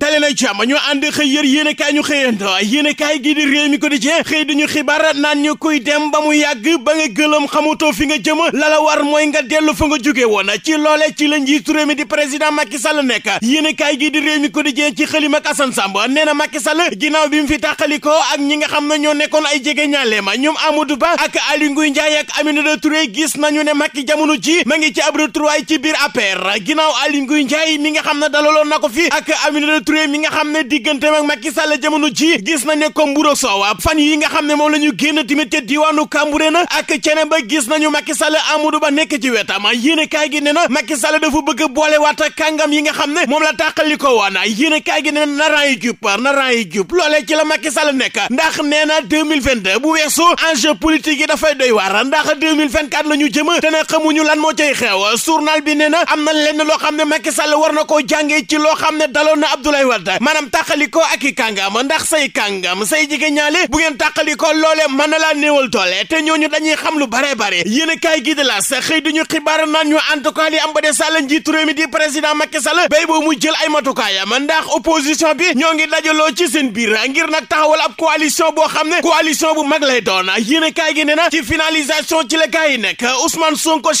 dali na jàmm ñu ànd xëy yër yéen kaay ñu xëyando yéen a kaay gi di réew mi ko di jee xëy di ñu naan ñu kuy dem ba mu yàgg ba nga gëlëm xamutoo fi nga jëm lala war mooy nga dellu fu nga jóge woon ci loole ci la njiitu réew mi di président Macky Sall nekk yéen a kaay gi di réew mi ko di jee ci xëlim ak Assane Samb nee na Macky Sall ginnaaw bi mu fi tàqalikoo ak ñi nga xam ne ñoo nekkoon ay jege ñaale ma ñoom Amadou Ba ak Aly Ngouille Ndiaye ak Aminata Touré gis nañu ne Macky jamono ji ma ngi ci ab retrouvailles ci biir APR ginnaaw Aly Ngouille Ndiaye mi nga xam ne dalaloon na fi ak Aminata njiitu réew mi nga xam ne digganteem ak ji gis nañ ne ko fan yi nga xam ne moom la ñu génn tamit ca diwaanu Cambérène ak cene ba gis nañu Macky Sall Ba nekk ci wetam yéene kaay gi ne na Macky Sall dafa bëgg boolewaat kàngam yi nga xam ne moom la tàqali ko waana yéene kaay gi ne na yi jub na ran yi jub loolee ci la Macky Sall nekk ndax nee na 2022 bu weesu enjeu politique yi dafay doy waar ndax 2024 la ñu jëm te na xamuñu lan Abdoulaye Wade maanaam tàqalikoo ak i kàngam ndax say kàngam say jigéen ñaale bu ngeen tàqalikoo loole mën na laa néewal doole te ñooñu dañuy xam lu bare bare yéen a kaay gi la sax xëy duñu xibaar naan ñu en tout cas li am ba de Sall njiitu réew mi di président Macky Sall béy boo mu jël ay matukaayam ndax opposition bi ñoo ngi dajaloo ci seen biir ngir nag taxawal ab coalition boo xam ne coalition bu mag lay doon yéen a gi nee na ci ci la kaay yi nekk Ousmane Sonko a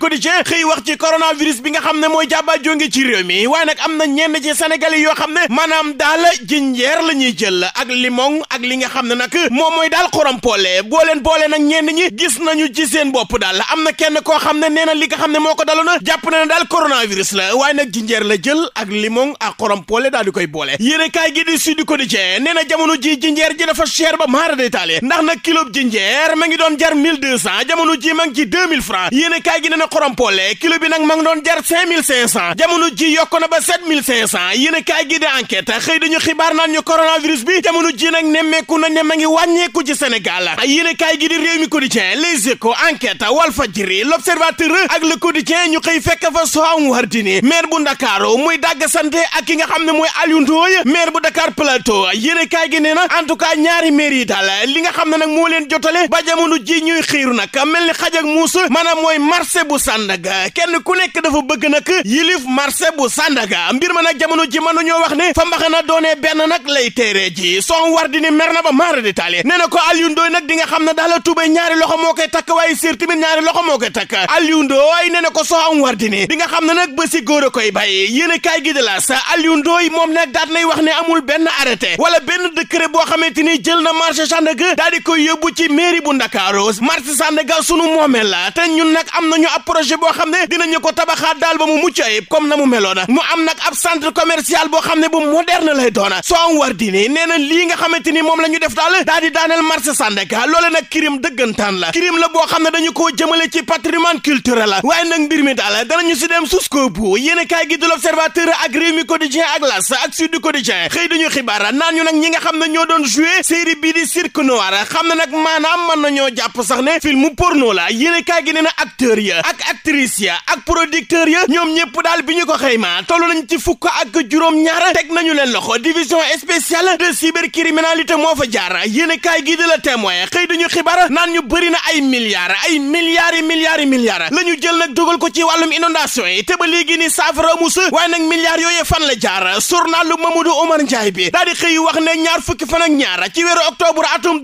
Quotidien xëy wax ci coronavirus bi nga xam ne mooy jàbbaa jonge ci réew mi waaye nag am na ñenn ci sénégalais yoo xam ne maanaam daal jinjeer la ñuy jël ak limon ak li nga xam ne nag moom mooy daal xorompole boo leen boole nag ñenn ñi gis nañu ci seen bopp daal am na kenn koo xam ne nee na li nga xam ne moo ko daloona jàpp na ne daal coronavirus la waaye nag jinjeer la jël ak limon ak xorompole daal di koy boole yéen kaay gi di Sud Quotidien nee na jamono ji jinjeer ji dafa cher ba maara détaillé ndax nag kilo jinjeer ma ngi doon jar 1200 ji ma ngi ci 2000 francs gi nee na xorompole kilo bi nag ma ngi doon jar cinq mille cinq cent jamono ji yokk na ba sept mille cinq cent yéen a kaay gi di enquête xëy dañu xibaar naan ñu coronavirus bi jamono ji nag nemmeeku na ne ma ngi wàññeeku ci Sénégal yéen a kaay gi di réew mi quotidien les échos enquête Walfadjri l'observateur ak le quotidien ñu xëy fekk fa Soham Wardini maire bu Ndakaaru dàgg sante ki nga xam ne mooy Aliou Ndoye bu Dakar Plateau yéen a kaay gi nee na en tout cas ñaari maire yi daal li nga xam ne nag moo leen jotale ba jamono ji ñuy xiiru nag mel ni xaj ak muus maanaam mooy marché bu Sandaga kenn ku nekk dafa bëgg nag yilif marché bu Sandaga mbir ma nag jamono ji mënu ñoo wax ne fa mbaxana doonee benn nag lay téere ji son war di ni mer na ba maara di taale nee na ko Alioune Ndoye nag nga xam ne daala tubay ñaari loxo moo koy takk waaye sér tamit ñaari loxo moo koy takk Alioune Ndoye nee na ko soo am war di ni di xam na nag ba si góor a koy bay yéen a kaay gi la sa Alioune Ndoye moom nag daat nay wax ne amul benn arrêté wala benn décret boo xamante ni jël na marché Sandaga daal di koy yóbbu ci mairie bu Ndakaaru marché Sandaga sunu moomeel la te ñun nag am nañu projet boo xam ne dinañu ko tabaxaat daal ba mu mucc ayib comme na mu meloona mu am nag ab centre commercial boo xam ne bu moderne lay doona soo war dine nee na lii nga xamante ni moom la ñu def daal daal di daaneel marché Sandaga loole nag crime dëggantaan la crime la boo xam ne dañu koo jëmale ci patrimoine culturel la waaye nag mbir mi daal danañu si dem jusqu'au bout yéen kaay gi du l'Observateur ak Rewmi Quotidien ak L'As ak Sud Quotidien xëy dañu xibaar naan ñu nag ñi nga xam ne ñoo doon joué série bii di Cirque Noir xam ne nag maanaam mën nañoo jàpp sax ne film porno la yéen kaay gi nee na acteurs ya ak actrice ya ak producteur ya ñoom ñëpp daal bi ñu ko xëyma toll nañ ci fukk ak juróom-ñaar teg nañu leen loxo division spéciale de cybercriminalité moo fa jaar yéen a kaay gii de la témoin xëy dañu xibaar naan ñu bëri na ay milliards ay milliards yi milliards yi milliards la ñu jël nag dugal ko ci wàllum inondation yi te ba léegi ni saafara mus waaye nag milliards yooyu fan la jaar journalu Mamadou Oumar Ndiaye bi daal xëy wax ne ñaar fukki fan ñaar ci weeru octobre atum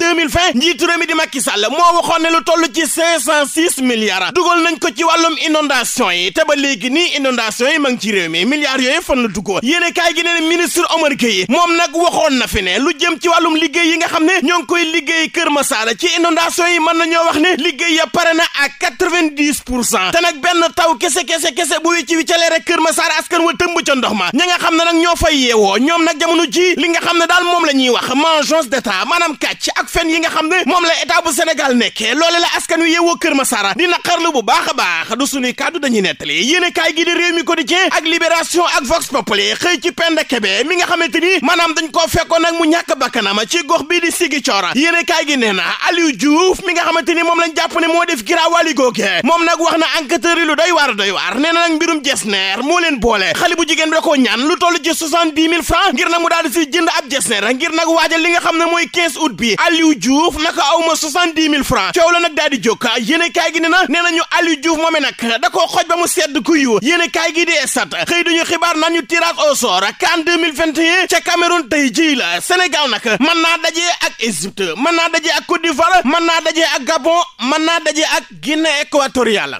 ci wàllum inondation yi te ba léegi nii inondation yi ma ci réew mi milliards yooyu fan la duggoo yéene kaay gi ne ministre Omar Gueye moom nag waxoon na fi ne lu jëm ci wàllum liggéey yi nga xam ne ñoo ngi koy liggéey Kër Massara ci inondation yi mën nañoo wax ne liggéey ya pare na a quatre-vingt-dix pour cent te nag benn taw kese kese kese bu wicci wiccalee rek Kër ma Massara askan wa tëmb ca ndox ma ña nga xam ne nag ñoo fay yeewoo ñoom nag jamono ji li nga xam ne daal moom la ñuy wax mangeance d'état maanaam kàcc ak fen yi nga xam ne moom la état bu Sénégal nekkee loole la askan wi yeewoo Kër Massara di naqarlu bu baax a baax baax du suñuy kàddu dañuy nettali yéen kaay gi di réew mi quotidien ak libération ak vox populi xëy ci Penda Kebe mi nga xamante ni maanaam dañ koo fekkoon nag mu ñàkk bakkanam ci gox bii di Ziguinchor yéen kaay gi nee na Aliou Diouf mi nga xamante ni moom lañ jàpp ne moo def giraawaali googe moom nag wax na enquêteur yi doy waar doy waar nee nag mbirum jesneer moo leen boole xale jigéen bi da koo lu toll ci soixante-dix mille francs ngir nag mu daal la nag daal di jóg yéen kaay gi nee Diouf moome nag da koo xoj ba mu sedd kuyu yéen a kaay gi di estat xëy dañu xibaar naan ñu tirage au sort CAN 2021 ca Cameroun tey jii la Sénégal nag mën naa dajee ak Égypte mën naa dajee ak Côte d'Ivoire mën naa dajee ak Gabon mën naa dajee ak Guinée équatoriale